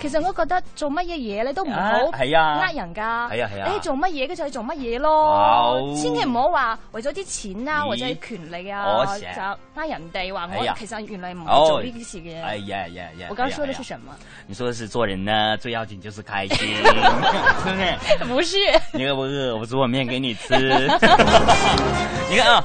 其實我覺得做乜嘢嘢咧都唔好，係啊，呃人噶，係啊係啊。你做乜嘢嘅就係做乜嘢咯，千祈唔好話為咗啲錢啊或者權利啊就呃人哋話我其實原來唔好做呢件事嘅。哎呀呀呀！我剛剛說的是什麼？你說的是做人呢，最要緊就是開心，是不是？不是。你餓不餓？我煮碗麵給你吃。你看啊。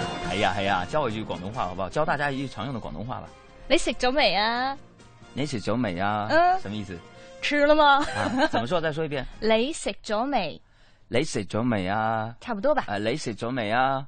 哎呀，哎呀，教我一句廣東話好不好？教大家一句常用的廣東話吧。你食咗未啊？你食咗未啊？嗯，什麼意思？吃了嗎、 啊？怎麼說？再說一遍。你食咗未？你食咗未啊？差不多吧。啊，你食咗未啊？